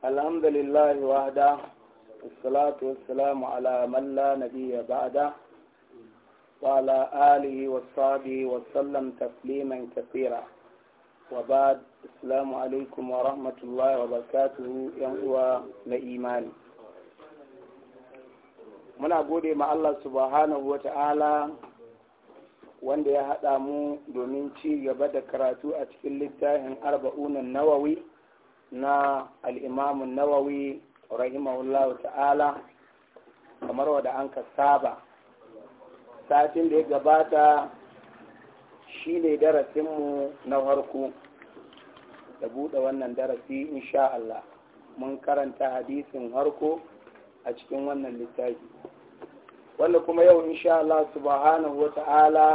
الحمد لله وحده والصلاة والسلام على من لا نبي بعده وعلى آله وصحبه وسلم تسليما كثيرا وبعد السلام عليكم ورحمة الله وبركاته ينقوى لإيمان muna gode ma Allah subhanahu wa ta'ala wanda ya haɗa mu domin ci gaba da karatu a cikin littafin arba'unan nawawi na al'imamun nawawi rahimahullahu ta'ala kamar wadda an ka saba satin da ya gabata shi ne darasinmu na harku. da buɗe wannan darasi insha Allah mun karanta hadisin harko a cikin wannan littafi wanda kuma yau insha Allah subhanahu wa ta'ala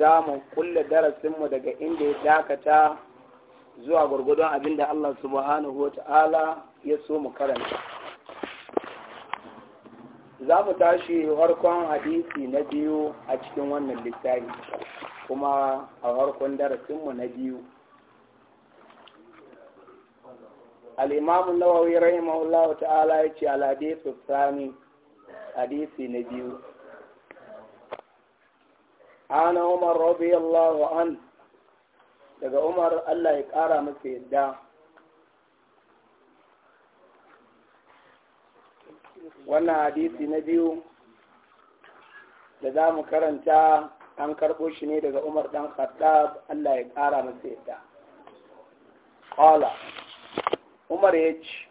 za mu kulle darasinmu daga inda ya dakata zuwa gwargwadon abin da Allah subhanahu wa ta'ala ya so mu karanta. Za mu tashi harkon hadisi na biyu a cikin wannan littafi, kuma a harkon darasinmu na biyu. Al'imamu Nawawi rahimahullahu ta'ala ya ce su sami hadisi na biyu. Ana Umar radiyallahu anhu daga umar allah ya ƙara masa yadda wannan hadisi na biyu da za mu karanta an karɓo shi ne daga umar ɗan khattab allah ya ƙara masa yadda ƙwala umar ya ce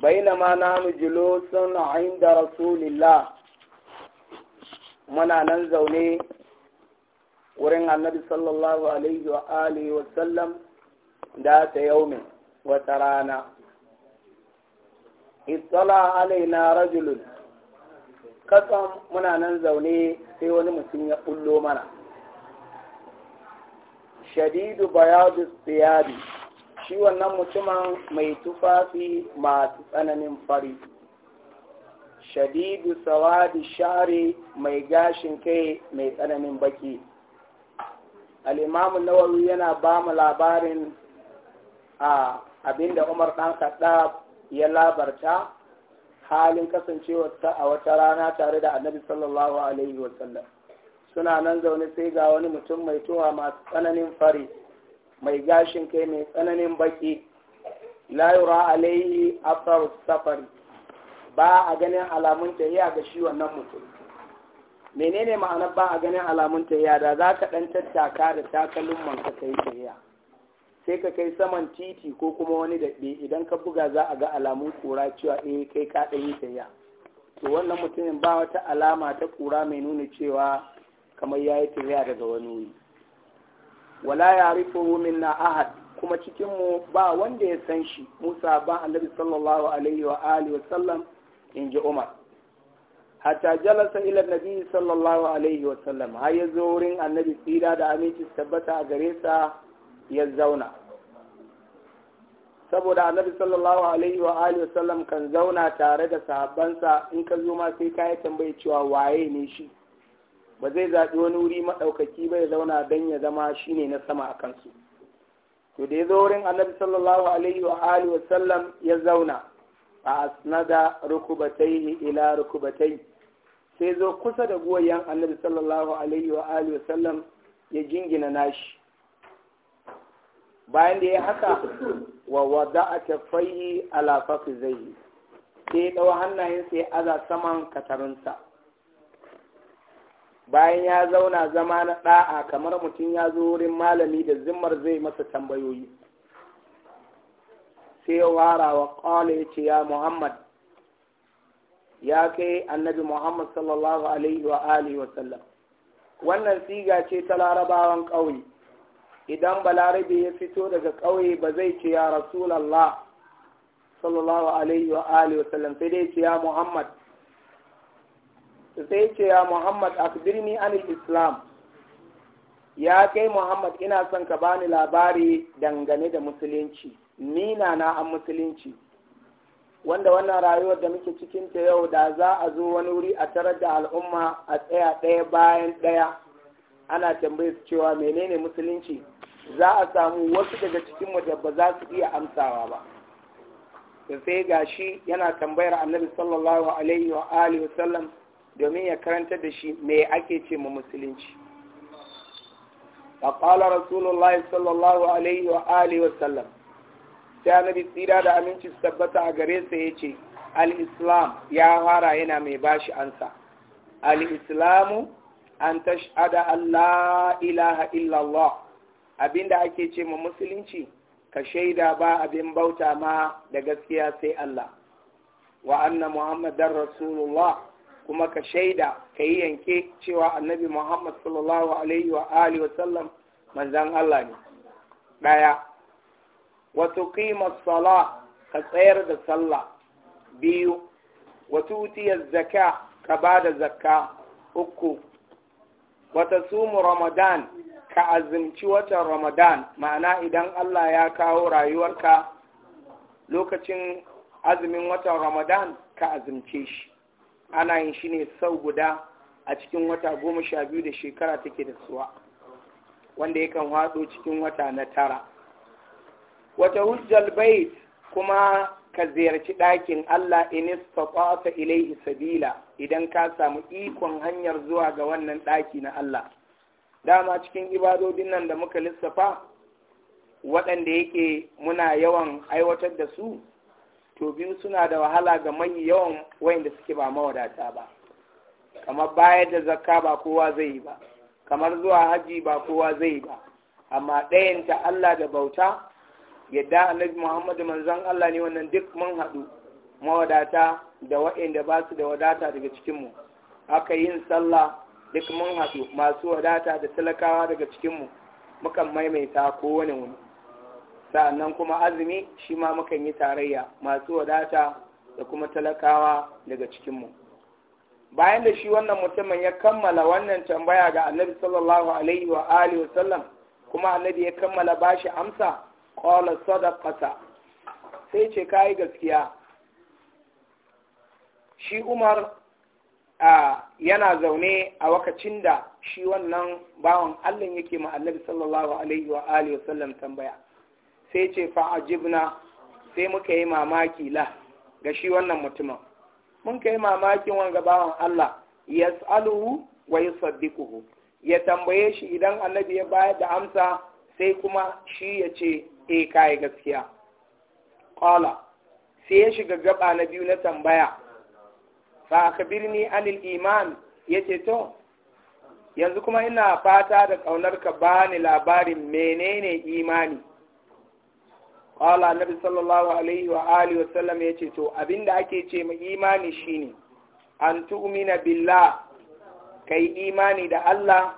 bainama nanu sun a inda rasulillah muna nan zaune wurin annabi sallallahu alaihi wa alihi wa sallam da ta yaumin wata rana ittala alaina rajulun kasan muna nan zaune sai wani mutum ya bullo mana shadidu bayadu siyadi shi wannan mutumin mai tufafi masu tsananin fari shadidu sawadi share mai gashin kai mai tsananin baki al'imamu nawawi yana ba mu labarin a abinda umar ɗan kaɗa ya labarta halin kasancewarsa a wata rana tare da annabi sallallahu alaihi wasallam suna nan zaune sai ga wani mutum mai tuwa masu tsananin fari mai gashin kai mai tsananin baki layura alaihi afar safari ba a ganin alamun tahiya ga shi wannan mutum menene ma'anar ba a ganin alamun tahiya da za ka ɗan tattaka da takalin man ka kai tahiya sai ka kai saman titi ko kuma wani daɗe idan ka buga za a ga alamun kura cewa eh kai ka ɗan tahiya to wannan mutumin ba wata alama ta kura mai nuna cewa kamar ya yi tahiya daga wani wuri wala ya rifo na ahad kuma cikin mu ba wanda ya san shi musa ba annabi sallallahu alaihi wa alihi wa sallam in ji umar hatta jalasa ila nabi sallallahu alaihi sallam har ya zo wurin annabi tsira da aminci tabbata a gare sa ya zauna saboda annabi sallallahu alaihi wa alihi sallam kan zauna tare da sahabbansa in ka zo ma sai ka tambaye cewa waye ne shi ba zai zaɓi wani wuri maɗaukaki ba ya zauna don ya zama shi ne na sama a kansu to da ya zo wurin annabi sallallahu alaihi wa alihi sallam ya zauna a asnada rukubatai ila rukubatai sai zo kusa da goyon annabi sallallahu alaihi wa alihi wasallam ya jingina nashi bayan da ya haka wa wada'a kafaihi ala yi, sai ya hannayen sai ya aza saman katarunsa bayan ya zauna zama na ɗa'a kamar mutum ya zo wurin malami da zimmar zai masa tambayoyi sai ya wara wa ƙwale ya ce ya muhammad ya kai annabi Muhammad sallallahu alaihi wa alihi wa sallam wannan siga ce ta larabawan ƙauye idan balarabe ya fito daga ƙauye ba zai ce ya rasulallah sallallahu alaihi wa alihi wa sallam sai dai ce ya Muhammad sai ce ya Muhammad akbirni anil islam ya kai Muhammad ina son ka bani labari dangane da musulunci ni na na an musulunci wanda wannan rayuwar da muke cikin ta yau da za a zo wani wuri a tarar da al'umma a tsaya ɗaya bayan ɗaya ana tambayar cewa menene musulunci za a samu wasu daga cikin da ba za su iya amsawa ba da sai ga shi yana tambayar annabi sallallahu alaihi wa alihi wa sallam domin ya karanta da shi me ake ce ma musulunci fa qala rasulullahi sallallahu alaihi wa alihi wa sai annabi tsira da aminci su tabbata a gare sa ya ce al ya fara yana mai bashi ansa Al'islamu an an tashhada Allah ilaha illallah abinda ake ce ma musulunci ka shaida ba abin bauta ma da gaskiya sai Allah wa anna muhammadar rasulullah kuma ka shaida ka yi yanke cewa annabi muhammad sallallahu alaihi wa alihi wa sallam manzan Allah ne ɗaya. wa kima sala ka tsayar da sallah biyu wa tuti zaka ka da zakka uku wa sumu ramadan ka azumci watan ramadan ma'ana idan Allah ya kawo rayuwarka lokacin azumin watan ramadan ka azumce shi ana yin shi ne sau guda a cikin wata goma sha biyu da shekara take da suwa wanda yakan haɗo cikin wata na tara wata hujjal bait kuma ka ziyarci ɗakin Allah in istata ilaihi sabila idan ka samu ikon hanyar zuwa ga wannan ɗaki na Allah dama cikin ibadodin nan da muka lissafa waɗanda yake muna yawan aiwatar da su to biyu suna da wahala ga mai yawan wayanda suke ba mawadata ba kamar bayar da zakka ba kowa zai yi ba kamar zuwa haji ba kowa zai yi ba amma ɗayanta Allah da bauta yadda annabi muhammadu manzon Allah ne wannan duk mun haɗu mawadata da waɗanda ba su da wadata daga cikinmu Aka yin sallah duk mun haɗu masu wadata da talakawa daga cikinmu mukan maimaita ko wani sa'annan kuma azumi shi ma mukan yi tarayya masu wadata da kuma talakawa daga cikinmu bayan da shi wannan mutumin ya kammala wannan tambaya ga annabi sallallahu alaihi wa alihi kuma annabi ya kammala bashi amsa qala sadaqata sai ce kai gaskiya shi Umar a yana zaune a wakacin da shi wannan bawan Allah yake ma Annabi sallallahu alaihi wa alihi wasallam tambaya sai ce fa ajibna sai muka yi mamaki la ga shi wannan mutumin mun kai mamakin wanga bawan Allah yas'aluhu wa yusaddiquhu ya tambaye shi idan Annabi ya bayar da amsa sai kuma shi ya ce eh kai gaskiya qala sai ya shiga gaba na biyu na tambaya fa birni anil iman yace to yanzu kuma ina fata da kaunar ka bani labarin menene imani qala nabi sallallahu alaihi wa alihi wa sallam yace to abinda ake ce ma imani shine an tu'mina billah kai imani da Allah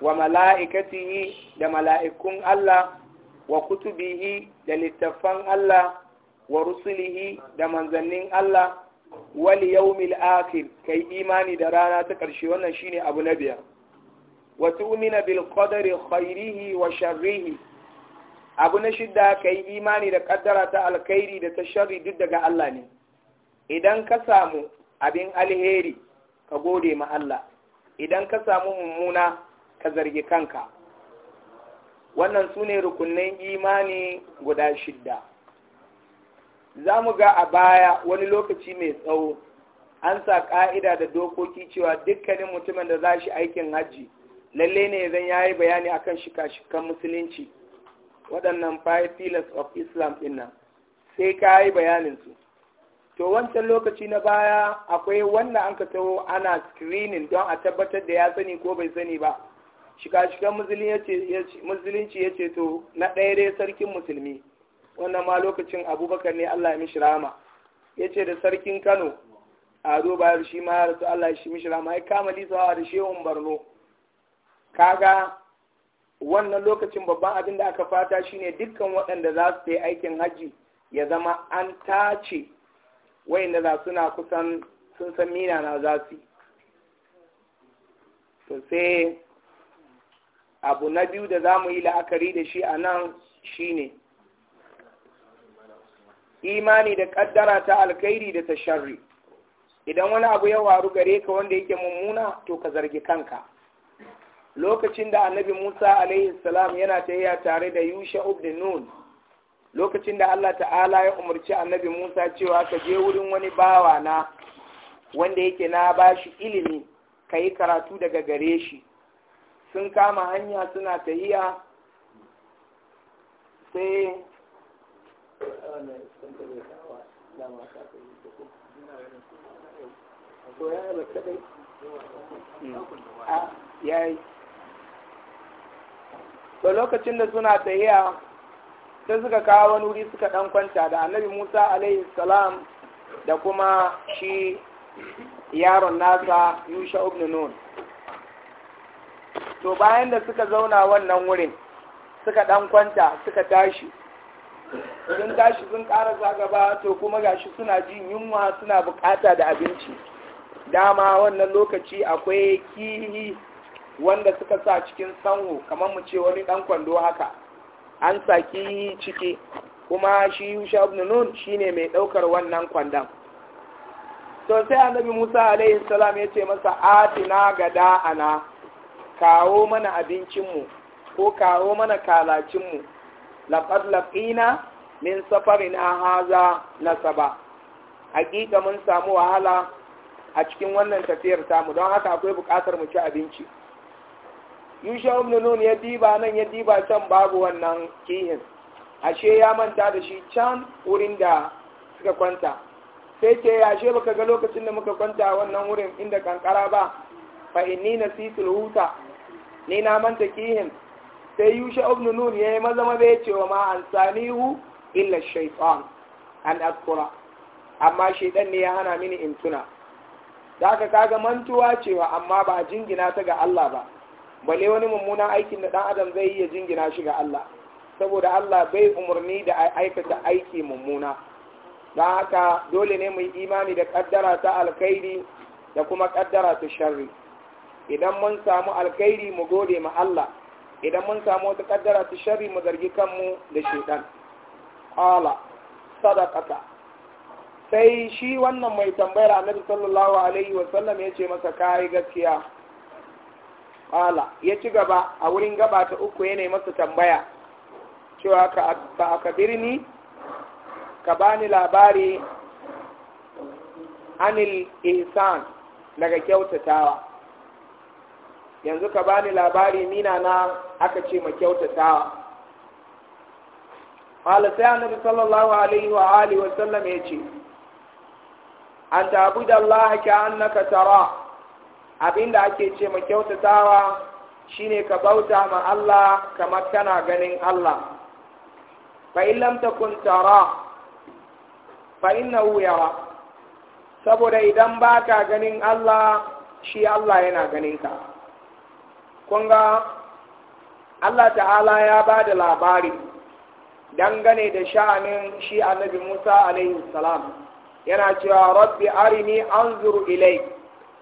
wa mala'ikatihi da mala'ikun Allah wa kutubihi da littattafan Allah wa rusulihi da manzannin Allah wali yawmil akhir kai imani da rana ta ƙarshe wannan shine abu na biyar wa tu'mina bil qadari khairihi wa sharrihi abu na shidda kai imani da kaddara ta alkhairi da ta sharri duk daga Allah ne idan ka samu abin alheri ka gode ma Allah idan ka samu mummuna ka zargi kanka wannan su ne rukunin imani guda shidda za mu ga a baya wani lokaci mai tsawo an sa ƙa'ida da dokoki cewa dukkanin mutumin da za shi aikin hajji lalle ne zan ya yi bayani a kan shika-shikan musulunci waɗannan five of islam ɗin sai ka yi bayaninsu to wancan lokaci na baya akwai wanda an ka taho ana screening don a tabbatar da ya sani ko bai sani ba shiga musulunci ya ceto na ɗaya dai sarkin musulmi wannan ma lokacin abubakar ne allah ya mishi rama ya ce da sarkin kano ado bayar shi ma rasu allah ya mishi rama ya kama lisawa da shehun barno kaga wannan lokacin babban abin da aka fata shine dukkan waɗanda za su yi aikin hajji ya zama an tace wayanda za suna kusan sun san mina na za su abu na biyu da za mu yi la'akari da shi a nan shi ne imani da ƙaddara ta alkhairi da ta sharri idan wani abu ya waru gare ka wanda yake mummuna to ka zargi kanka lokacin da annabi musa alaihi salam yana a tare da yusha ibn nun lokacin da allah ta'ala ya umarci annabi musa cewa ka je wurin wani bawa na wanda yake na bashi ilimi ka yi karatu daga gare shi sun kama hanya suna tahiya sai yayi to lokacin da suna tahiya sai suka kawo wani wuri suka dan kwanta da annabi musa alaihi salam da kuma shi yaron nasa yusha ibn nun to bayan da suka zauna wannan wurin suka dan kwanta suka tashi sun tashi sun ƙara gaba to kuma gashi suna jin yunwa suna bukata da abinci dama wannan lokaci akwai kihi wanda suka sa cikin sanwo kamar mu ce wani dan kwando haka an sa kihi ciki kuma shi Yusha ibn Nun shine mai daukar wannan kwandon to sai annabi Musa alaihi salam ya ce masa atina gada ana kawo mana abincinmu ko kawo mana kalacinmu laqad laqina min safarin haza nasaba hakika mun samu wahala a cikin wannan tafiyar tamu don haka akwai buƙatar mu ci abinci yusha nun ya diba nan ya diba can babu wannan kihin ashe ya manta da shi can wurin da suka kwanta sai ce ashe baka ga lokacin da muka kwanta wannan wurin inda kankara ba fa inni nasitul huta ni na manta kihin sai yushe ibn nun yayi maza maza ya ce wa ma an sanihu illa shaytan an akura amma shaytan ne ya hana mini in tuna zaka kaga mantuwa cewa amma ba jingina ta ga Allah ba bale wani mummuna aikin da dan adam zai iya jingina shi ga Allah saboda Allah bai umarni da aikata aiki mummuna don haka dole ne mu yi imani da kaddara ta alkhairi da kuma kaddara ta sharri idan mun samu alkhairi mu gode ma Allah idan mun samu wata kaddara ta sharri mu zargi kanmu da shedan qala sadaqata sai shi wannan mai tambayar annabi sallallahu alaihi wa sallam yace masa kai gaskiya qala ya ci gaba a wurin gaba ta uku yana masa tambaya cewa ka ba ka birni ka bani labari anil ihsan daga kyautatawa yanzu ka bani labari mina na aka ce ma kyautata qala sai annabi sallallahu alaihi wa alihi wa sallam yace an ta'budu allaha ka annaka tara abinda ake ce ma kyautatawa shine ka bauta ma Allah kamar kana ganin Allah fa in lam takun tara fa innahu yara saboda idan baka ganin Allah shi Allah yana ganin ka kun Allah ta'ala ya ba da labari dangane da sha'anin shi annabi Musa alaihi salam yana cewa rabbi arini anzuru ilai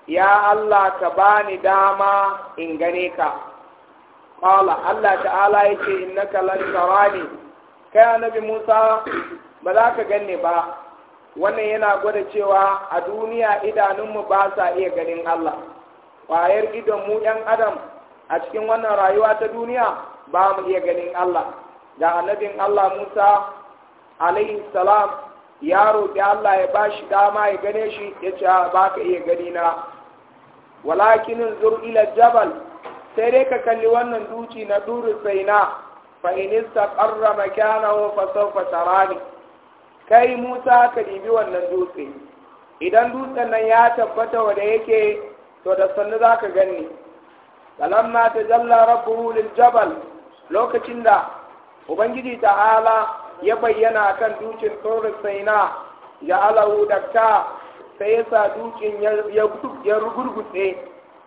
ya Allah ka bani dama in gane ka qala Allah ta'ala yake innaka lan tarani kai annabi Musa ba za ka ganne ba wannan yana gwada cewa a duniya idanunmu ba sa iya ganin Allah ƙwayar idon mu 'yan adam a cikin wannan rayuwa ta duniya ba mu iya ganin Allah da annabin Allah Musa alaihi salam ya roƙi Allah ya ba shi dama ya gane shi ya ce ba ka iya gani na walakinin zur ila jabal sai dai ka kalli wannan duci na duru na fa in istaqarra makanahu fa sawfa tarani kai Musa ka dibi wannan dutse idan dutsen nan ya tabbata wanda yake to da sannu zaka gani ta tajalla rabbuhu lil jabal lokacin da ubangiji ta'ala ya bayyana kan dukin tsorin saina ya alahu dakta sai ya sa dukin ya rugurgutse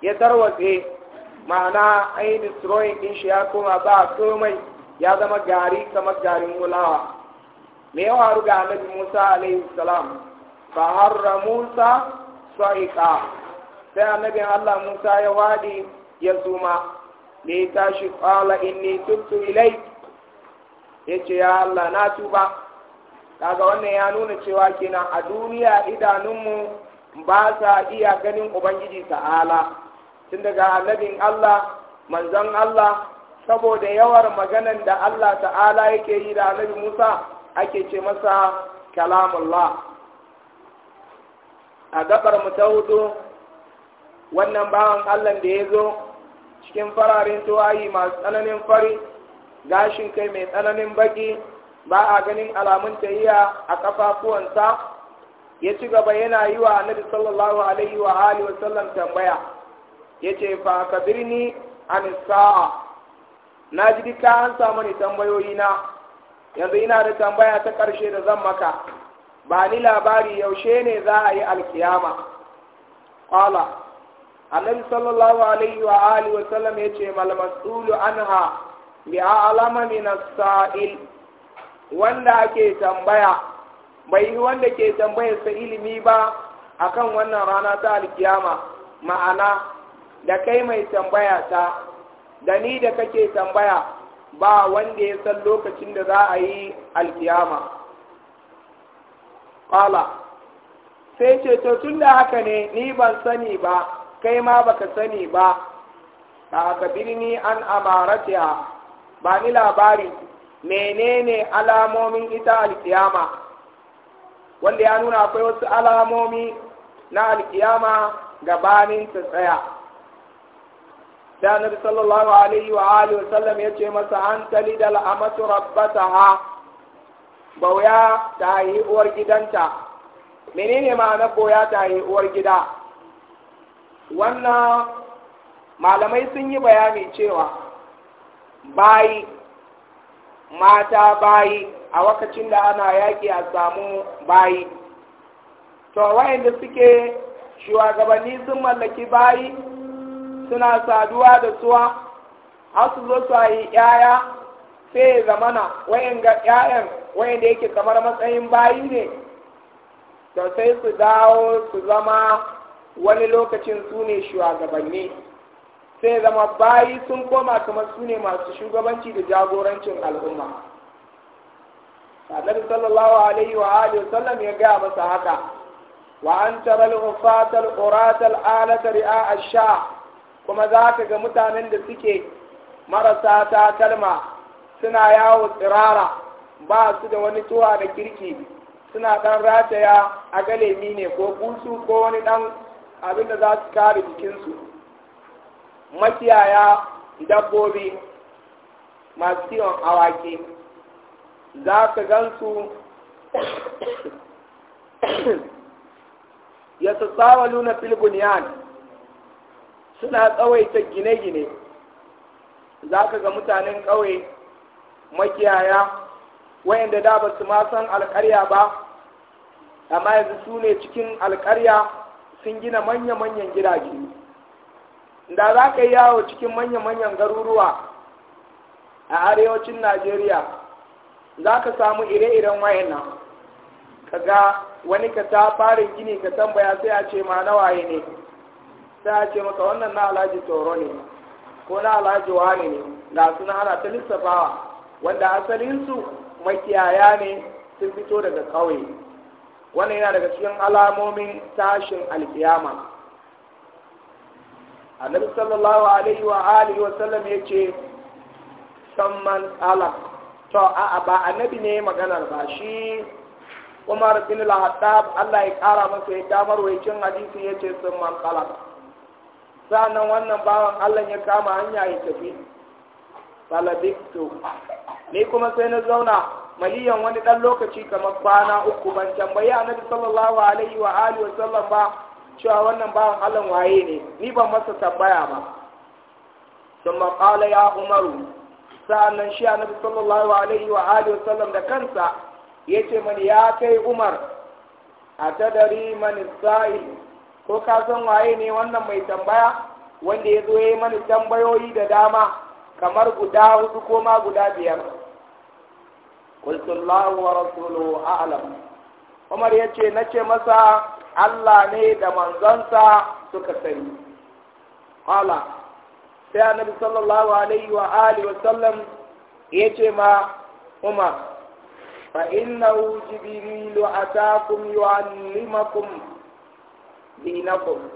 ya tarwatse ma'ana ainihin tsoron din shi ya koma ba komai ya zama gari kamar garin wulawa me yawa ga annabi musa alaihi salam fa harra musa sa'iqa sai annabin allah musa ya wadi ya suma da ya tashi in ne tuttu ilai ya ce ya Allah na tuba kaga wannan ya nuna cewa kenan a duniya idanunmu ba sa iya ganin ubangiji ta'ala tun daga annabin Allah manzon Allah saboda yawar maganan da Allah ta'ala yake yi da annabi Musa ake ce masa kalamullah a gabar mu ta hudu wannan bawan Allah da ya zo cikin fararen tuwayi masu tsananin fari gashin kai mai tsananin baki ba a ganin alamun tahiya a kafafuwansa ya ci gaba yana yi wa annabi sallallahu alaihi wa alihi wasallam tambaya yace fa birni an sa'a na ji duka an samu ni tambayoyi na yanzu ina da tambaya ta ƙarshe da zan maka ba ni labari yaushe ne za a yi alkiyama qala annabi sallallahu alaihi wa alihi wa sallam yace mal mas'ulu anha bi a'lama min as-sa'il wanda ake tambaya bai wanda ke tambayar sa ilimi ba akan wannan rana ta alkiyama ma'ana da kai mai tambaya ta da ni da kake tambaya ba wanda ya san lokacin da za a yi alkiyama qala sai ce to tunda haka ne ni ban sani ba kai ma baka sani ba da aka birni an amaratiya ba ni labari menene alamomin ita alkiyama wanda ya nuna akwai wasu alamomi na alkiyama gabanin ta tsaya sai sallallahu alaihi wa alihi wa sallam ya ce masa an da al'amatu rabbataha bauya ta yi uwar gidanta menene ma'anar boya ta yi uwar gida wannan malamai sun yi bayani cewa bayi mata bayi a wakacin da ana yaƙi a samu bayi to wayanda suke shugabanni sun mallaki bayi suna saduwa da suwa har su zo su yi yaya sai zamana wayan ga yayan wayan da yake kamar matsayin bayi ne to sai su dawo su zama wani lokacin su ne shugabanni sai zama bayi sun koma kamar su ne masu shugabanci da jagorancin al'umma annabi sallallahu alaihi wa alihi sallam ya gaya masa haka wa an tara al-ufata al alata ri'a sha kuma zaka ga mutanen da suke marasa takalma suna yawo tsirara ba su da wani tuwa da kirki suna ɗan rataya a galemi ne ko busu ko wani ɗan abin da za su kare jikinsu makiyaya dabbobi masu kiwon awaki za ka gansu ya tsawa luna filibuniyan suna tsawaita gine-gine za ka ga mutanen ƙauye makiyaya wayanda da ba su ma san alƙarya ba amma yanzu su ne cikin alƙarya sun gina manya-manyan gidaje da za ka yi yawo cikin manya-manyan garuruwa a arewacin najeriya za ka samu ire-iren Ka ga wani ka ta fara gini ka tambaya sai a ce ma na waye ne sai a ce maka wannan na alhaji tsoro ne ko na alhaji wani ne ga suna ana ta lissafawa wanda asalinsu makiyaya ne sun fito daga ƙauye wannan yana daga cikin alamomin tashin alkiyama annabi sallallahu alaihi wa alihi wa sallam yace samman ala to a ba annabi ne maganar ba shi Umar bin al-Hattab Allah ya kara masa ya damar wakin hadisi yace samman ala sannan wannan bawan Allah ya kama hanya ya tafi falabiktu ni kuma sai na zauna maliyan wani dan lokaci kamar kwana uku ban tambayi annabi sallallahu alaihi wa alihi wa sallam ba cewa wannan bawan Allah waye ne ni ban masa tambaya ba sun kala ya umaru sa'annan shi annabi sallallahu alaihi wa alihi wa sallam da kansa ya ce mani ya kai umar a ta tadari mani sa'i ko ka san waye ne wannan mai tambaya wanda ya zo ya yi mani tambayoyi da dama kamar guda hudu ko ma guda biyar qultu Allahu wa rasuluhu a'lam Umar yace nace masa Allah ne da manzansa suka sani qala sai annabi sallallahu alaihi wa alihi wa sallam yace ma Umar fa innahu jibrilu atakum yu'allimakum dinakum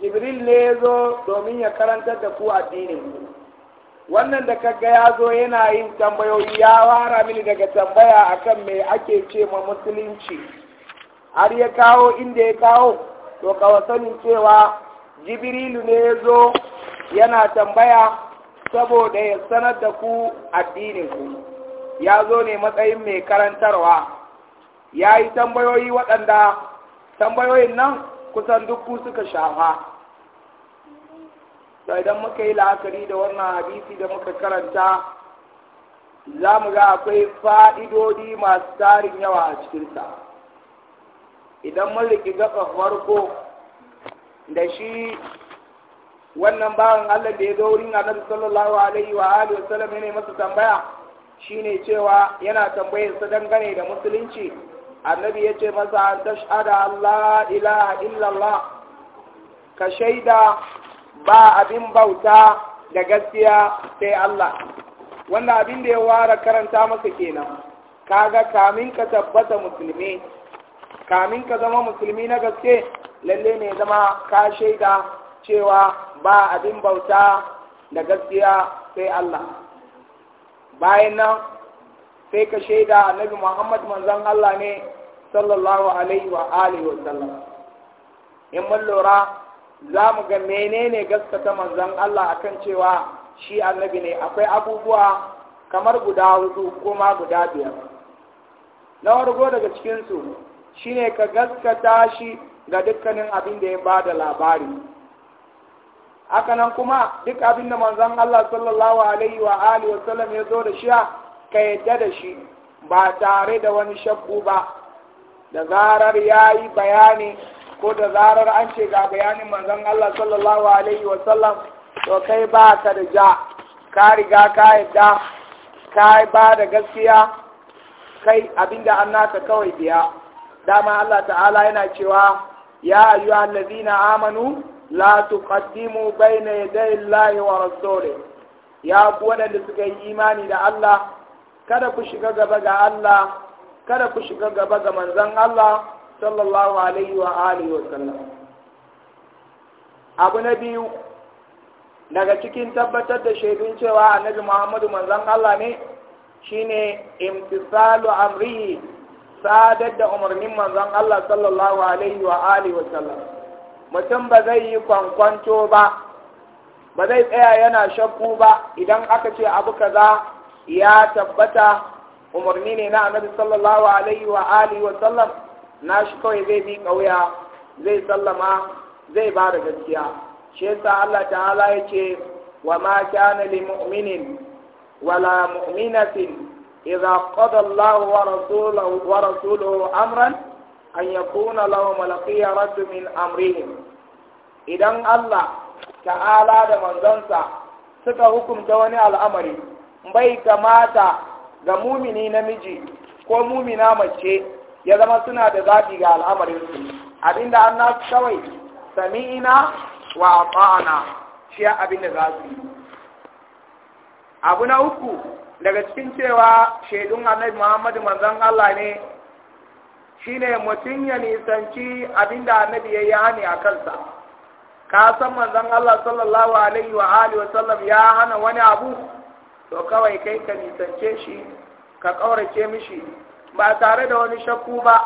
Jibril ne ya zo domin ya karanta da ku addinin ku wannan da kaga ya zo yana yin tambayoyi ya wara mini daga tambaya akan mai ake ce ma musulunci har ya kawo inda ya kawo to kawo sanin cewa jibrilu ne ya zo yana tambaya saboda ya sanar da ku addinin ku. ya zo ne matsayin mai karantarwa ya yi tambayoyi waɗanda tambayoyin nan kusan duk ku suka shafa to idan muka yi la'akari da wannan hadisi da muka karanta za mu ga akwai fa'idodi masu tarin yawa a cikinsa idan mun riƙi gaba farko da shi wannan bawan Allah da ya zo wurin annabi sallallahu alaihi wa alihi wa sallam yana masa tambaya shine cewa yana tambayar sa dangane da musulunci annabi ya ce masa an tashhada Allah ilaha illallah ka shaida ba abin bauta da gaskiya sai Allah wanda abin da ya ware karanta masa kenan kaga kamin ka tabbata musulmi kamin ka zama musulmi na gaske lalle ne zama ka shaida cewa ba abin bauta da gaskiya sai Allah bayan nan sai ka shaida annabi Muhammad manzon Allah ne sallallahu alaihi wa alihi wa sallam in mun lura za mu ga menene gaskata manzon Allah akan cewa shi annabi ne akwai abubuwa kamar guda hudu kuma guda biyar na wargo daga cikinsu shine ka gaskata shi ga dukkanin abin da ya ba da labari hakanan kuma duk abin da manzon Allah sallallahu alaihi wa alihi wa sallam ya zo da shi ka yadda da shi ba tare da wani shakku ba da zarar ya yi bayani ko da zarar an ce ga bayanin manzon Allah sallallahu alaihi Sallam, to kai ba ka da ja ka riga ka yadda ka ba da gaskiya kai abinda an naka kawai biya dama Allah ta'ala yana cewa ya ayyuhal allazina amanu la tuqaddimu bayna yaday Allahi wa rasuli ya ku wanda suka yi imani da Allah kada ku shiga gaba ga Allah kada ku shiga gaba ga manzon Allah sallallahu alaihi wa alihi wa sallam abu na biyu daga cikin tabbatar da shaidun cewa annabi Muhammadu manzon Allah ne shine imtisalu amrihi sadar da umarnin manzon Allah sallallahu alaihi wa alihi wa sallam mutum ba zai yi kwankwanto ba ba zai tsaya yana shakku ba idan aka ce abu kaza ya tabbata umarni ne na annabi sallallahu alaihi wa alihi wa sallam Na shi kawai zai bi kauya zai sallama zai ba da gaskiya shi yasa Allah ta'ala ya ce wa ma kana lil mu'minin la mu'minatin idza qada Allah wa rasuluhu wa rasuluhu amran an yakuna lahum al min amrihim idan Allah ta'ala da manzonsa suka hukunta wani al'amari bai kamata ga mumini namiji ko mumina mace ya zama suna da zaɓi ga al'amarin su abinda an nasu kawai sami'ina wa ata'ana shi abinda za su yi abu na uku daga cikin cewa shaidun annabi Muhammadu manzon Allah ne shi ne mutum ya nisanci abinda annabi ya yi hani a kansa ka san manzon Allah sallallahu alaihi wa alihi wa sallam ya hana wani abu to kawai kai ka nisance shi ka ƙaurace mishi ba tare da wani shakku ba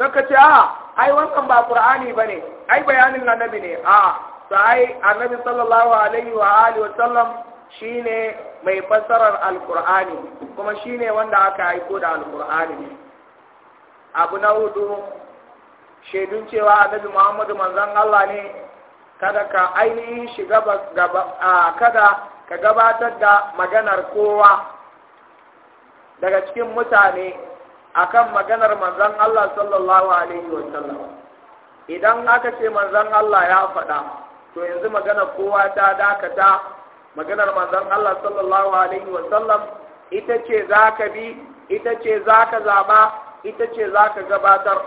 kaka ce a ai wannan ba qur'ani bane ai bayanin annabi ne a to ai annabi sallallahu alaihi wa alihi wa sallam shine mai fassarar alqur'ani kuma shine wanda aka aiko da alqur'ani abu na hudu shaidun cewa annabi Muhammadu manzon Allah ne kada ka ainihin shiga kada ka gabatar da maganar kowa daga cikin mutane akan maganar manzan Allah sallallahu alaihi wa idan aka ce manzon Allah ya faɗa to yanzu maganar kowa ta dakata maganar manzan Allah sallallahu alaihi wa ita ce za ka bi ita ce za ka zaba ita ce za ka gabatar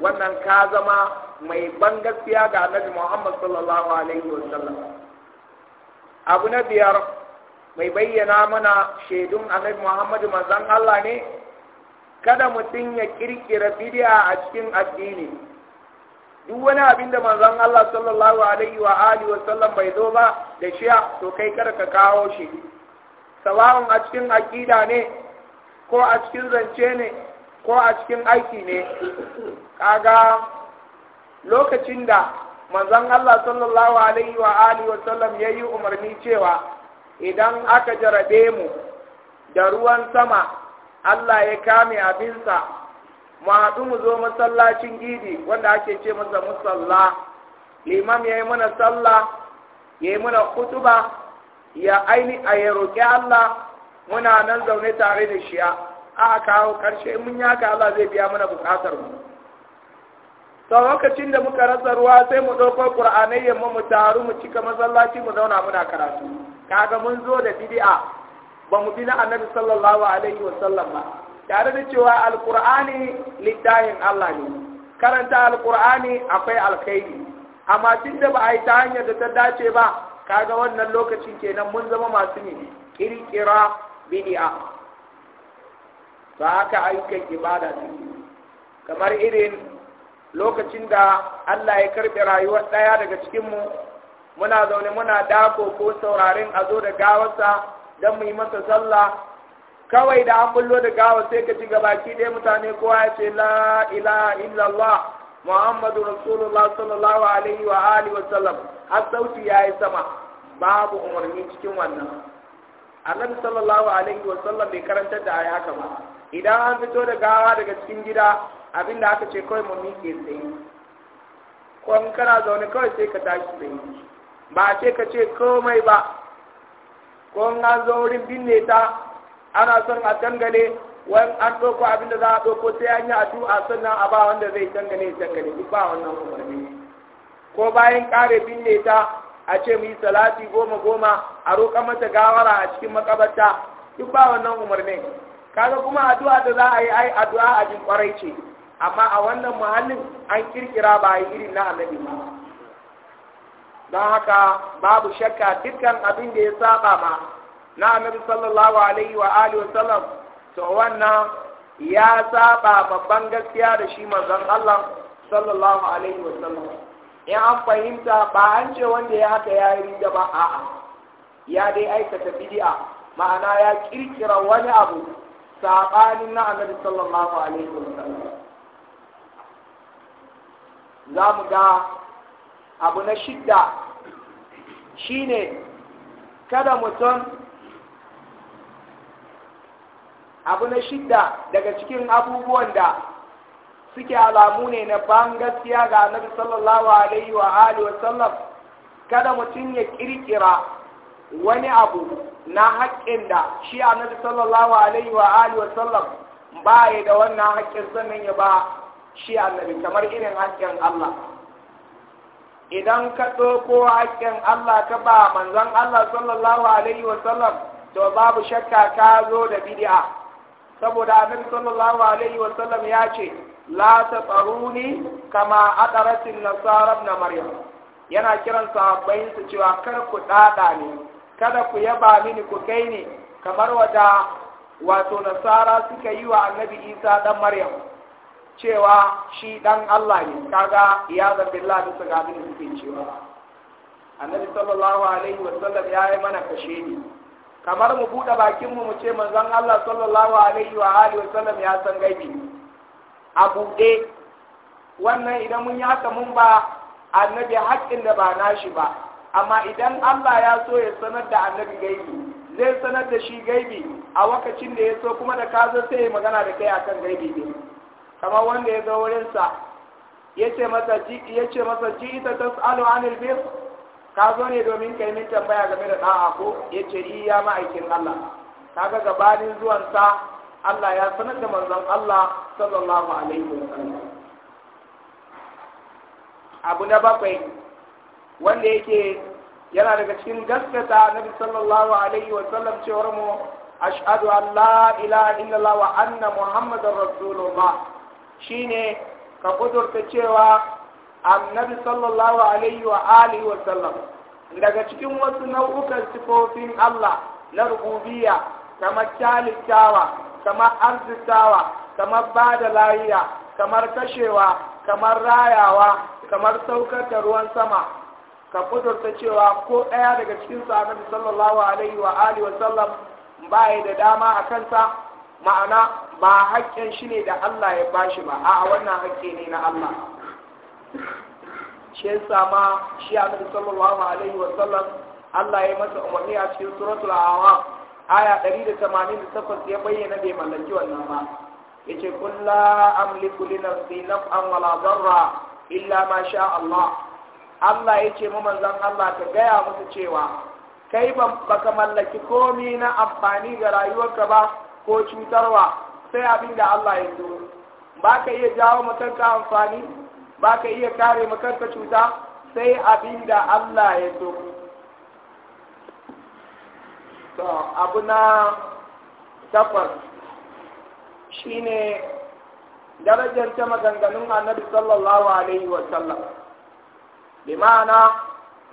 wannan ka zama mai ban gaskiya ga annabi Muhammad sallallahu alaihi wa abu na biyar mai bayyana mana shaidun annabi Muhammadu manzan Allah ne kada mutum ya kirkira bid'a a cikin addini duk wani abin da manzan Allah sallallahu alaihi wa alihi wa sallam bai zo ba da shi to kai kada ka kawo shi sawa'un a cikin aqida ne ko a cikin zance ne ko a cikin aiki ne kaga lokacin da manzan Allah sallallahu alaihi wa alihi wa sallam yayi umarni cewa idan aka jarabe mu da ruwan sama Allah ya kame abinsa mu haɗu mu zo masallacin gidi wanda ake ce masa musalla limam ya yi mana sallah ya yi mana kutuba ya aini a ya roƙi Allah muna nan zaune tare da shi a kawo ƙarshe mun yaka Allah zai biya mana buƙatar mu sau lokacin da muka rasa ruwa sai mu ɗauko ƙur'anai yamma mu taru mu cika masallaci mu zauna muna karatu kaga mun zo da bid'a ba mu bi na annabi sallallahu alaihi wa sallam ba tare da cewa alqur'ani littafin Allah ne karanta alqur'ani akwai alkhairi amma tun da ba a yi ta hanyar da ta dace ba kaga wannan lokacin kenan mun zama masu ne kirkira bid'a Ba haka aikin ibada ne kamar irin lokacin da Allah ya karɓi rayuwar ɗaya daga cikinmu muna zaune muna dako ko sauraren a zo da gawarsa don mu yi masa sallah kawai da an bullo da gawar sai ka ci ki ɗaya mutane ko ya ce la ilaha illallah muhammadu rasulullah sallallahu alaihi wa alihi wa sallam har sauti ya yi sama babu umarni cikin wannan annabi sallallahu alaihi wa sallam bai karanta da ayi haka ba idan an fito da gawa daga cikin gida abin da aka ce kawai mu miƙe tsaye ko in kana zaune kawai sai ka tashi tsaye ba a ce ka ce komai ba ko in an zo wurin binne ta ana son a dangane wani an ɗauko abin da za a ɗauko sai an yi addu'a sannan a ba wanda zai dangane dangane duk ba wannan umarni ko bayan ƙare binne ta a ce mu yi salati goma goma a roƙa mata gawara a cikin makabarta duk ba wannan umarni kaga kuma addu'a da za a yi ai addu'a a jin kwarai ce amma a wannan muhallin an kirkira ba yi irin na annabi ba don haka babu shakka dukkan abin da ya saba ma na annabi sallallahu alaihi wa alihi wasallam to wannan ya saba babban gaskiya da shi manzon Allah sallallahu alaihi wasallam in an fahimta ba an ce wanda ya haka ya yi riga ba a'a ya dai aikata bid'a ma'ana ya kirkira wani abu sabanin na annabi sallallahu alaihi wasallam za mu ga abu na shidda shine kada mutum abu na shidda daga cikin abubuwan da suke alamu ne na ban gaskiya ga annabi sallallahu alaihi wa alihi wa sallam kada mutum ya kirkira wani abu na haƙƙin da shi annabi sallallahu alaihi wa alihi wa sallam ba ya da wannan haƙƙin sannan ya ba shi annabi kamar irin haƙƙin Allah idan ka ɗauko haƙƙin Allah ka ba manzon Allah sallallahu alaihi wa sallam to babu shakka ka zo da bid'a saboda annabi sallallahu alaihi wa sallam ya ce la tsaruni kama adaratin nasara na maryam yana kiran sahabbai su cewa kar ku ɗaɗa ni kada ku yaba mini ku kai ni kamar wata wato nasara suka yi wa annabi isa dan maryam cewa shi dan Allah ne kaga ya zabi Allah su ga abin da suke cewa annabi sallallahu alaihi wasallam ya yi mana kashe ni. kamar mu bude bakin mu mu ce manzon Allah sallallahu alaihi wa alihi wasallam ya san gaibi a buɗe wannan idan mun yaka mun ba annabi haƙƙin da ba nashi ba amma idan Allah ya so ya sanar da annabi gaibi zai sanar da shi gaibi a wakacin da ya so kuma da kazo sai magana da kai akan gaibi ne kamar wanda ya ga wurinsa ya ce masa ji ita ta tsalu anil bir ka zo ne domin kai min tambaya game da ɗa'a ko ya ce iya ma'aikin Allah kaga gabanin zuwansa Allah ya sanar da manzon Allah sallallahu alaihi sallam. abu na bakwai wanda yake yana daga cikin gaskata nabi sallallahu alaihi sallam cewar mu ashhadu an la ilaha illallah wa anna muhammadar rasulullah shine ka kudurta cewa annabi sallallahu alaihi wa alihi wa sallam daga cikin wasu nau'ukan sifofin Allah na rububiyya kamar kyalittawa kamar arzitawa kamar ba da kamar kashewa kamar rayawa kamar saukar da ruwan sama ka kudurta cewa ko ɗaya daga cikin su annabi sallallahu alaihi wa alihi wa sallam ba da dama a kansa ma'ana ba haƙƙin shi ne da Allah ya bashi ba a wannan haƙƙi ne na Allah shi yasa ma shi annabi sallallahu alaihi wa sallam Allah ya masa umarni a cikin suratul awa aya 188 ya bayyana bai mallaki wannan ba yace qul la amliku li nafsi naf'an darra illa ma sha Allah Allah ya ce mu manzon Allah ka gaya musu cewa kai ba baka mallaki komi na amfani ga rayuwarka ba ko cutarwa sai abin da Allah ya so ba ka iya jawo makanka amfani ba ka iya kare makanka cuta sai abin da Allah ya so to abu na takwas ne darajar ta maganganun annabi sallallahu alaihi wa sallam bi ma'ana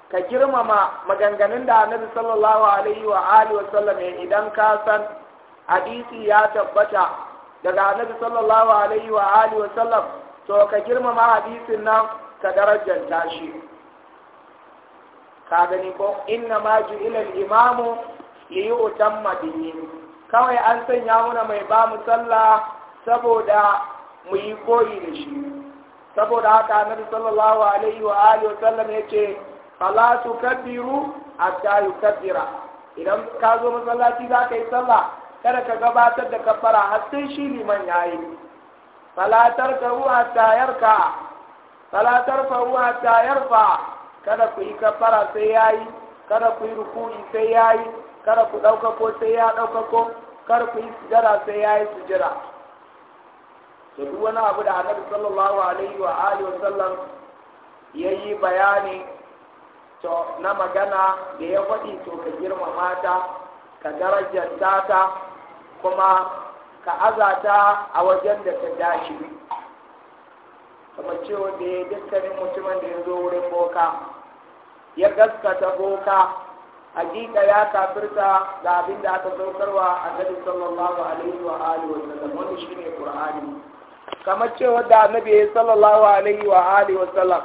ka girmama maganganun da annabi sallallahu alaihi wa alihi wa sallam idan ka san hadisi ya tabbata daga annabi sallallahu alaihi wa alihi wa sallam to ka girmama hadisin nan ka darajanta shi ka gani ko inna ma ju'ila al imam li yutamma bihi kawai an sanya muna mai ba mu sallah saboda mu yi koyi da shi saboda haka annabi sallallahu alaihi wa alihi wa sallam yace fala Kabiru, hatta yukabbira idan ka zo masallaci za ka yi sallah kada ka gabatar da kafara har sai shi liman yayi salatar ka ruwa tayar ka salatar ka ruwa tayar fa kada ku yi kafara sai yayi kada ku yi rukuni sai yayi kada ku dauka ko sai ya dauka ko kada ku yi sujada sai yayi sujada to duk wani abu da Annabi sallallahu alaihi wa alihi wa sallam yayi bayani to na magana da ya faɗi to ka girmama ta ka darajar ta kuma ka azata a wajen da ta dashi kuma cewa da ya dukkanin mutumin da ya zo wurin boka ya gaskata boka hakika ya kafirta da abin da aka saukarwa a gadi sallallahu alaihi wa alihi wa sallam wannan shine qur'ani kamar cewa da annabi sallallahu alaihi wa alihi wa sallam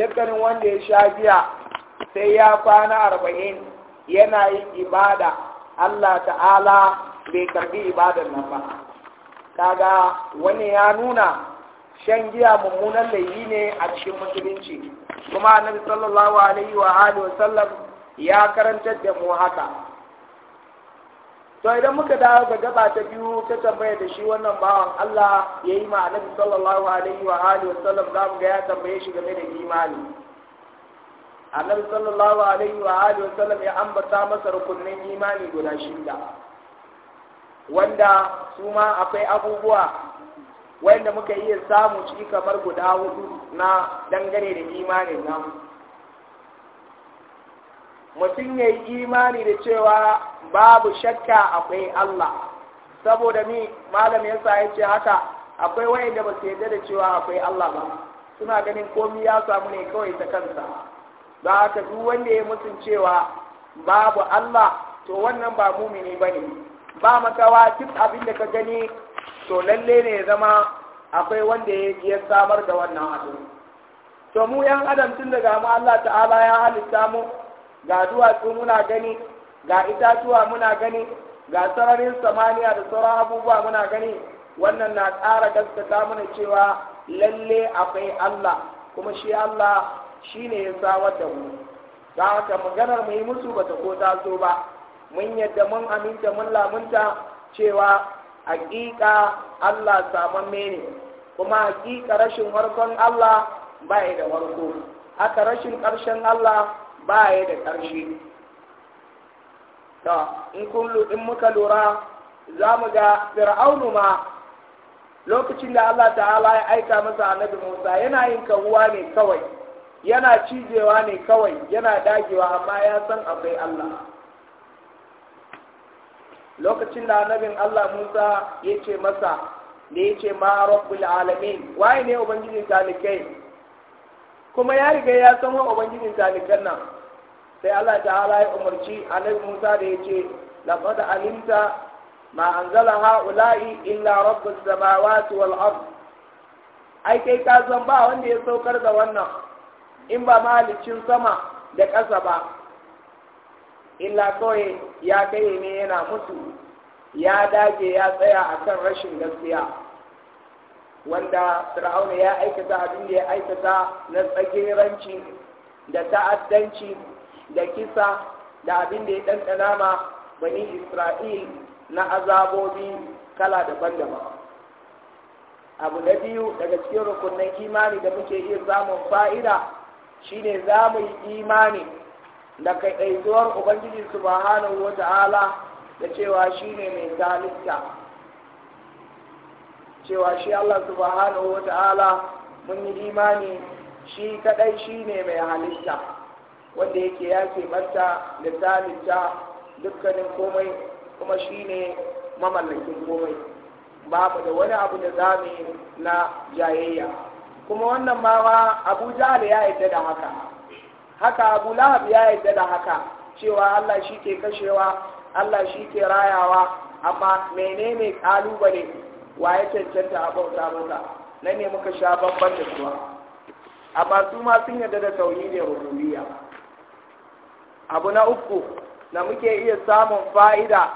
dukkanin wanda ya sha biya sai ya kwana arba'in yana yin ibada Allah ta'ala bai karbi ibadar nan ba kaga wani ya nuna shan giya mummunan laifi ne a cikin musulunci kuma annabi sallallahu alaihi wa alihi wa sallam ya karantar da mu haka to idan muka dawo ga gaba ta biyu ta tambaya da shi wannan bawan Allah ya yi ma annabi sallallahu alaihi wa alihi wa sallam za mu ga ya tambaye shi game da imani annabi sallallahu alaihi wa alihi wa sallam ya ambata masa rukunin imani guda shida wanda su ma akwai abubuwa wanda muka iya samu ciki kamar guda hudu na dangane da imanin nan. mutum ya yi imani da cewa babu shakka akwai Allah saboda mi malam sa ya ce haka akwai wayanda ba su yarda da cewa akwai Allah ba suna ganin komi ya samu ne kawai ta kansa ba haka duk wanda ya mutum cewa babu Allah to wannan ba mumini ne? ba makawa duk abin da ka gani to lalle ne ya zama akwai wanda ya yi samar da wannan abin to mu yan adam tun daga mu Allah ta'ala ya halitta mu ga duwatsu muna gani ga itatuwa muna gani ga sararin samaniya da sauran abubuwa muna gani wannan na ƙara gaskata mana cewa lalle akwai Allah kuma shi Allah shine ya samar da mu za ka maganar mu yi musu bata ko taso ba mun yadda mun aminta mun lamunta cewa hakika Allah samamme ne kuma hakika rashin warkon Allah ba ya da warko haka rashin ƙarshen Allah ba da ƙarshe to in kullu in muka lura za mu ga fir'aunu ma lokacin da Allah ta'ala ya aika masa annabi Musa yana yin kawuwa ne kawai yana cijewa ne kawai yana dagewa amma ya san akwai Allah lokacin da annabin Allah Musa ya ce masa da ya ce ma rabbul alamin waye ne ubangijin talikai kuma ya riga ya san wa ubangijin talikan nan sai Allah ta'ala ya umarci annabi Musa da ya ce laqad alimta ma anzala haula'i illa rabbus samawati wal ard ai kai ka san ba wanda ya saukar da wannan in ba mahalicin sama da ƙasa ba illa kawai ya kai ne yana mutu ya dage ya tsaya akan rashin gaskiya wanda fir'auna ya aikata abin da ya aikata na tsagiranci da ta'addanci da kisa da abin da ya ɗanɗana ma bani isra'il na azabobi kala daban-daban abu na biyu daga cikin rukunin imani da muke iya samun fa'ida shine za mu yi imani da kaɗaituwar ubangiji subhanahu wa ta'ala da cewa shi ne mai zalitta cewa shi Allah subhanahu wa ta'ala mun yi imani shi kaɗai shi ne mai halitta wanda yake ya banta da zalitta dukkanin komai kuma shi ne mamallakin komai babu da wani abu da za na jayayya kuma wannan ma abu jahal ya yadda da haka haka abu lahab ya yadda da haka cewa allah shi ke kashewa allah shi ke rayawa amma menene kalubale wa ya cancanta a bauta maza na ne muka sha babban da suwa amma su ma sun yarda da ne rububiya abu na uku da muke iya samun fa'ida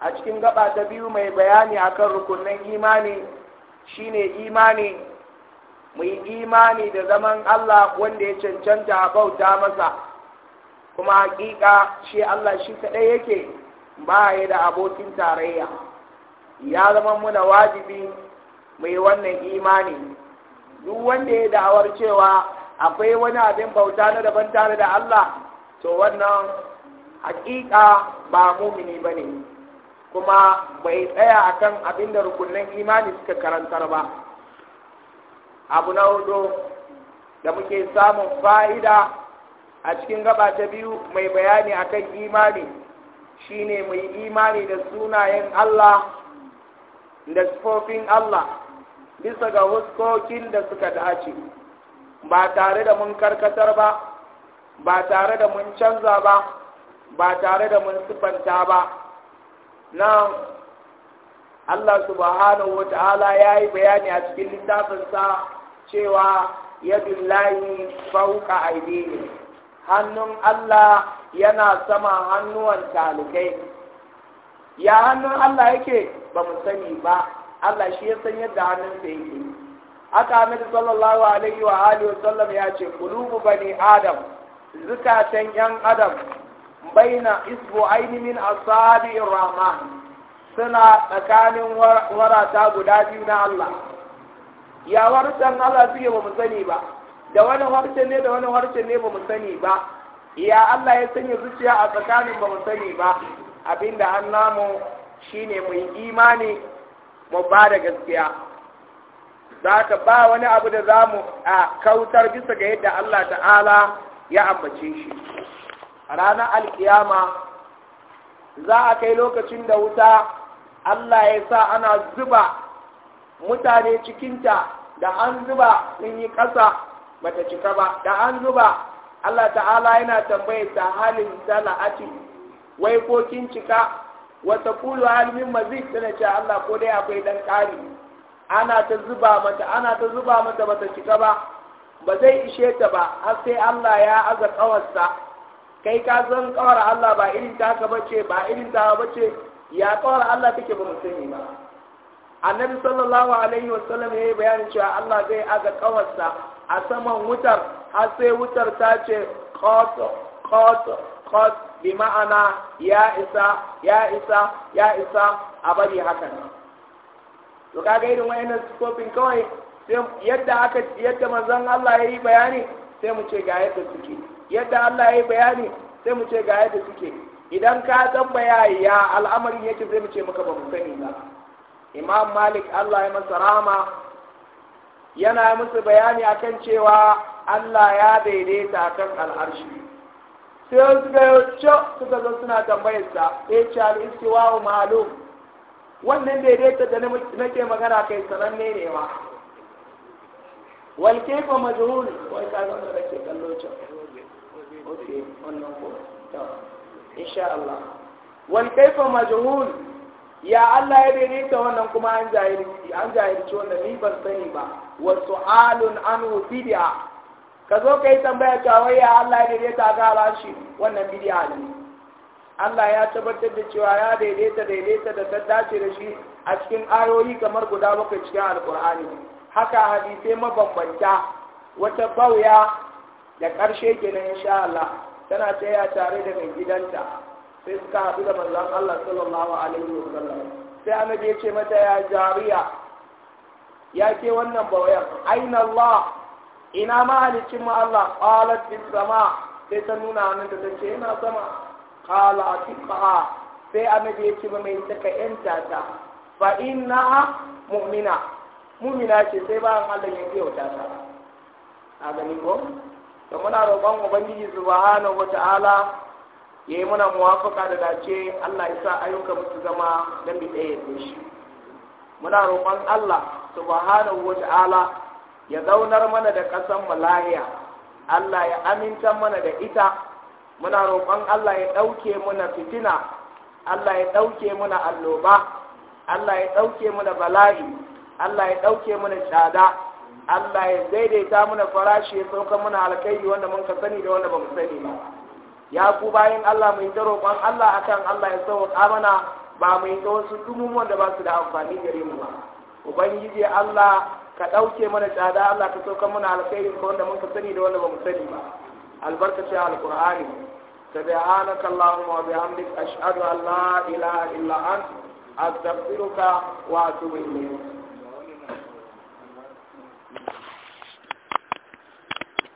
a cikin gaba ta biyu mai bayani akan rukunin imani shine imani mu yi imani da zaman Allah wanda ya cancanta a bauta masa kuma hakika shi Allah shi kaɗai yake ba ya da abokin tarayya ya zama muna wajibi mu yi wannan imani duk wanda ya da'awar cewa akwai wani abin bauta na daban tare da Allah to wannan hakika ba mumini ba ne kuma bai tsaya akan abin da rukunin imani suka karantar ba abu na hudu da muke samun fa'ida a cikin gaba ta biyu mai bayani a kan imani shi ne mai imani da sunayen Allah da sufofin Allah bisa ga huskokin da suka dace ba tare da mun karkatar ba ba tare da mun canza ba ba tare da mun sifanta ba na Allah subhanahu wa ta'ala ya yi bayani a cikin littafinsa cewa yadin layi fauka aidini hannun Allah yana sama hannuwan talibai ya hannun Allah yake ba mu sani ba Allah shi ya san yadda hannunsa yake aka amince sallallahu alaihi wa alihi wa sallam ya ce qulubu bani adam zukatan yan adam baina isbu aini min asabi rahman suna tsakanin warata guda biyu na Allah ya wartan Allah suke ba mu sani ba da wani harshe ne da wani harshe ne ba mu sani ba ya Allah ya sanya zuciya a tsakanin ba mu sani ba abinda an namu shine mu yi imani mu ba da gaskiya za ka ba wani abu da za mu a kautar bisa ga yadda Allah ta'ala ya ambace shi ranar alkiyama za a kai lokacin da wuta Allah ya sa ana zuba mutane cikinta da an zuba sun yi ƙasa ta cika ba da an zuba Allah ta'ala yana tambayar ta halin sala'ati wai ko kin cika wata kulu halin mazik tana ce Allah ko dai akwai dan ƙari ana ta zuba mata ana ta zuba mata cika ba ba zai ishe ta ba har sai Allah ya aza kawarsa kai ka san kawar Allah ba irin ta haka bace ba irin ta bace ya kawar Allah take ba mu sani ba annabi sallallahu alaihi sallam ya yi bayanin cewa Allah zai aga kawarsa a saman wutar har sai wutar ta ce qato qato qat bi ma'ana ya isa ya isa ya isa a bari hakan to kaga irin wayannan sifofin kawai sai yadda aka yadda manzon Allah ya yi bayani sai mu ce ga yadda suke yadda Allah ya yi bayani sai mu ce ga yadda suke idan ka tambaya ya al'amarin yake zai mace maka ba mu sani ba imam malik allah ya masa rama yana musu bayani akan cewa allah ya daidaita kan al'arshi sai suka yauce suka zo suna tambayar sa ya eh, ce wawo malu wannan daidaita da nake magana kai sananne ne ma walke kayfa majhul wai ka zama da ke kallo can okay wannan ko insha Allah wal kaifa majhul ya Allah ya daidaita wannan kuma an jahilci an jahilci wannan ni ban sani ba wa su'alun anhu bid'a ka zo kai tambaya cewa wai ya Allah ya daidaita ga alashi wannan bid'a ne Allah ya tabbatar da cewa ya daidaita daidaita da ta dace da shi a cikin ayoyi kamar guda bakwai cikin alkur'ani haka hadisai mabambanta wata bauya da karshe kenan insha Allah tana taya tare da mai gidanta sai suka haɗu da manzon Allah sallallahu alaihi sallam sai annabi ya ce mata ya jariya ya ke wannan bawayan aina Allah ina mahalicin mu Allah qalat fi sama sai ta nuna hannun da tace ina sama qala atiqaha sai annabi ya ce mai saka yanta ta fa inna mu'mina mu'mina ce sai ba Allah ya kyauta ta a gani ko da muna roƙon ubangiji subhanahu wata'ala ya yi muna muwafaka da dace Allah ya sa ayyuka musu zama don bi ɗaya da shi muna roƙon Allah subhanahu wata'ala ya zaunar mana da ƙasan malaya Allah ya aminta mana da ita muna roƙon Allah ya ɗauke muna fitina Allah ya ɗauke muna alloba Allah ya ɗauke muna bala'i Allah ya ɗauke muna tsada Allah ya daidaita mana farashi ya sauka muna alkairi wanda mun ka sani da wanda ba mu sani ba ya ku bayan Allah mai ta roƙon Allah akan Allah ya sauka mana ba mu yi wasu dumum wanda ba su da amfani gare mu ba ubangiji Allah ka ɗauke mana tsada Allah ka sauka muna alkairi wanda mun ka sani da wanda ba mu sani ba albarkacin alkur'ani سبحانك اللهم وبحمدك أشهد أن لا إله إلا أنت أستغفرك وأتوب إليك